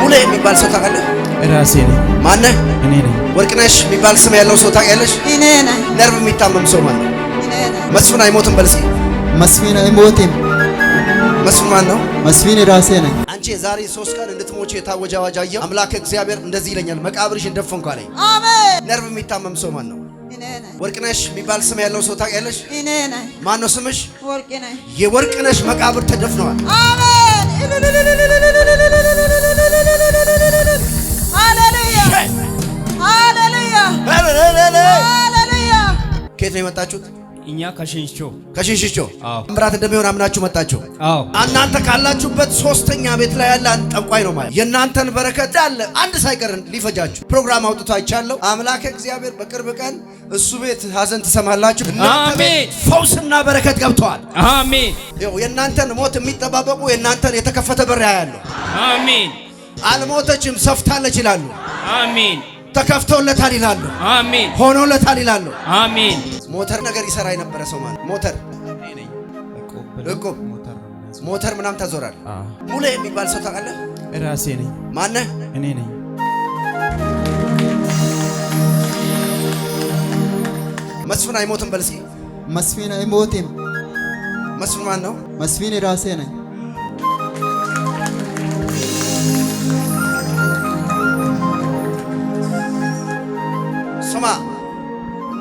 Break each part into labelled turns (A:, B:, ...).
A: ሙሌ የሚባል ሰው ታውቃለህ? ራሴ ነኝ። ማነህ? እኔ ነኝ። ወርቅነሽ የሚባል ስም ያለው ሰው ታውቂያለሽ? እኔ ነኝ። ነርቭ የሚታመም ሰው ማለት መስፍን አይሞትም። በልሲ
B: መስፍን አይሞትም። መስፍን ማን ነው? መስፍን ራሴ ነኝ።
A: አንቺ ዛሬ ሶስት ቀን እንድትሞች የታወጀ አዋጅ አየሁ። አምላክ እግዚአብሔር እንደዚህ ይለኛል፣ መቃብርሽ ደፈንኩ አለኝ። አሜን። ነርቭ የሚታመም ሰው ማን ነው? ወርቅነሽ የሚባል ስም ያለው ሰው ታውቂያለሽ? እኔ ነኝ። ማን ነው ስምሽ? ወርቅነሽ። የወርቅነሽ መቃብር ተደፍነዋል።
C: አሜን
A: ከየት ነው የመጣችሁት?
B: እኛ ከሽንሽቾ
A: ከሽንሽቾ ምራት እንደሚሆን አምናችሁ መጣችሁ። አዎ እናንተ ካላችሁበት ሶስተኛ ቤት ላይ ያለ አንድ ጠንቋይ ነው ማለት የእናንተን በረከት ያለ አንድ ሳይቀር ሊፈጃችሁ ፕሮግራም አውጥቶ አይቻለሁ። አምላክ እግዚአብሔር በቅርብ ቀን እሱ ቤት ሀዘን ትሰማላችሁ። አሜን። ፈውስና በረከት ገብተዋል። አሜን። ይኸው የእናንተን ሞት የሚጠባበቁ የእናንተን የተከፈተ በር ያያሉ። አሜን። አልሞተችም ሰፍታለች ይላሉ። አሜን። ተከፍቶለታል ይላሉ። አሜን። ሆኖለታል ይላሉ። አሜን። ሞተር ነገር ይሰራ የነበረ ሰው ማለት ሞተር ሞተር ምናምን ታዞራል። ሙሌ የሚባል ሰው ታውቃለህ? ራሴ ነኝ። ማነህ? እኔ ነኝ። መስፍን አይሞትም በል እስኪ።
B: መስፍን አይሞትም። መስፍን ማን ነው? መስፍን ራሴ ነኝ።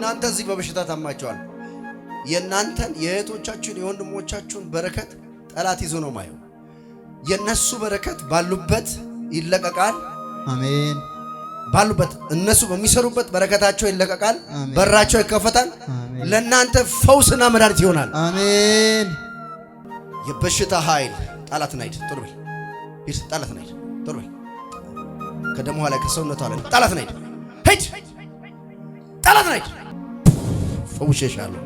A: እናንተ እዚህ በበሽታ ታማችኋል። የእናንተን የእህቶቻችሁን የወንድሞቻችሁን በረከት ጠላት ይዞ ነው ማየው። የእነሱ በረከት ባሉበት ይለቀቃል። አሜን። ባሉበት እነሱ በሚሰሩበት በረከታቸው ይለቀቃል። በራቸው ይከፈታል። ለእናንተ ፈውስና መድኃኒት ይሆናል።
B: አሜን።
A: የበሽታ ኃይል ጣላት ናይድ ጥሩ በል ሂድ። ጣላት ናይድ ጥሩ በል ከደሞ ኋላ ከሰውነቱ አለ ጣላት ናይድ ሂድ። ጣላት ናይድ ፈውሸሻለሁ።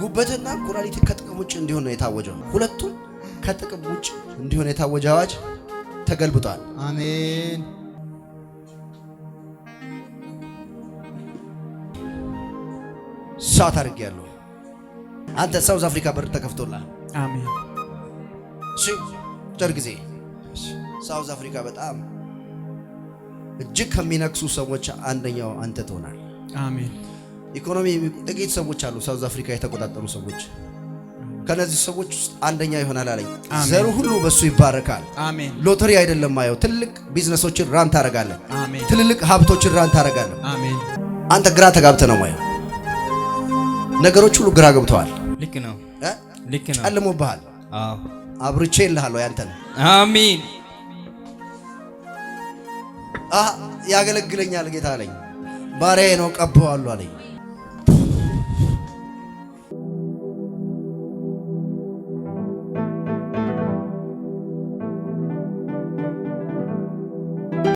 A: ጉበትና ኩላሊት ከጥቅም ውጭ እንዲሆን ነው የታወጀው። ሁለቱም ከጥቅም ውጭ እንዲሆን የታወጀ አዋጅ ተገልብጧል።
B: አሜን።
A: ሳት ያለሁ አንተ ሳውዝ አፍሪካ በር ተከፍቶላል። አሜን። እሺ ጭር ጊዜ ሳውዝ አፍሪካ በጣም እጅግ ከሚነክሱ ሰዎች አንደኛው አንተ ትሆናል። አሜን። ኢኮኖሚ ጥቂት ሰዎች አሉ፣ ሳውዝ አፍሪካ የተቆጣጠሩ ሰዎች። ከነዚህ ሰዎች ውስጥ አንደኛ ይሆናል አለኝ። ዘሩ ሁሉ በሱ ይባረካል። አሜን። ሎተሪ አይደለም ማየው። ትልቅ ቢዝነሶችን ራን ታረጋለህ። አሜን። ትልልቅ ሀብቶችን ራን ታረጋለህ። አሜን። አንተ ግራ ተጋብተ ነው ማየው። ነገሮች ሁሉ ግራ ገብተዋል። ልክ ነው፣ ልክ ነው። ጨልሞብሃል። አዎ፣ አብርቼ እልሃለሁ ያንተን። አሜን። ያገለግለኛል ጌታ አለኝ ባሪያዬ ነው ቀባዋለሁ አለኝ።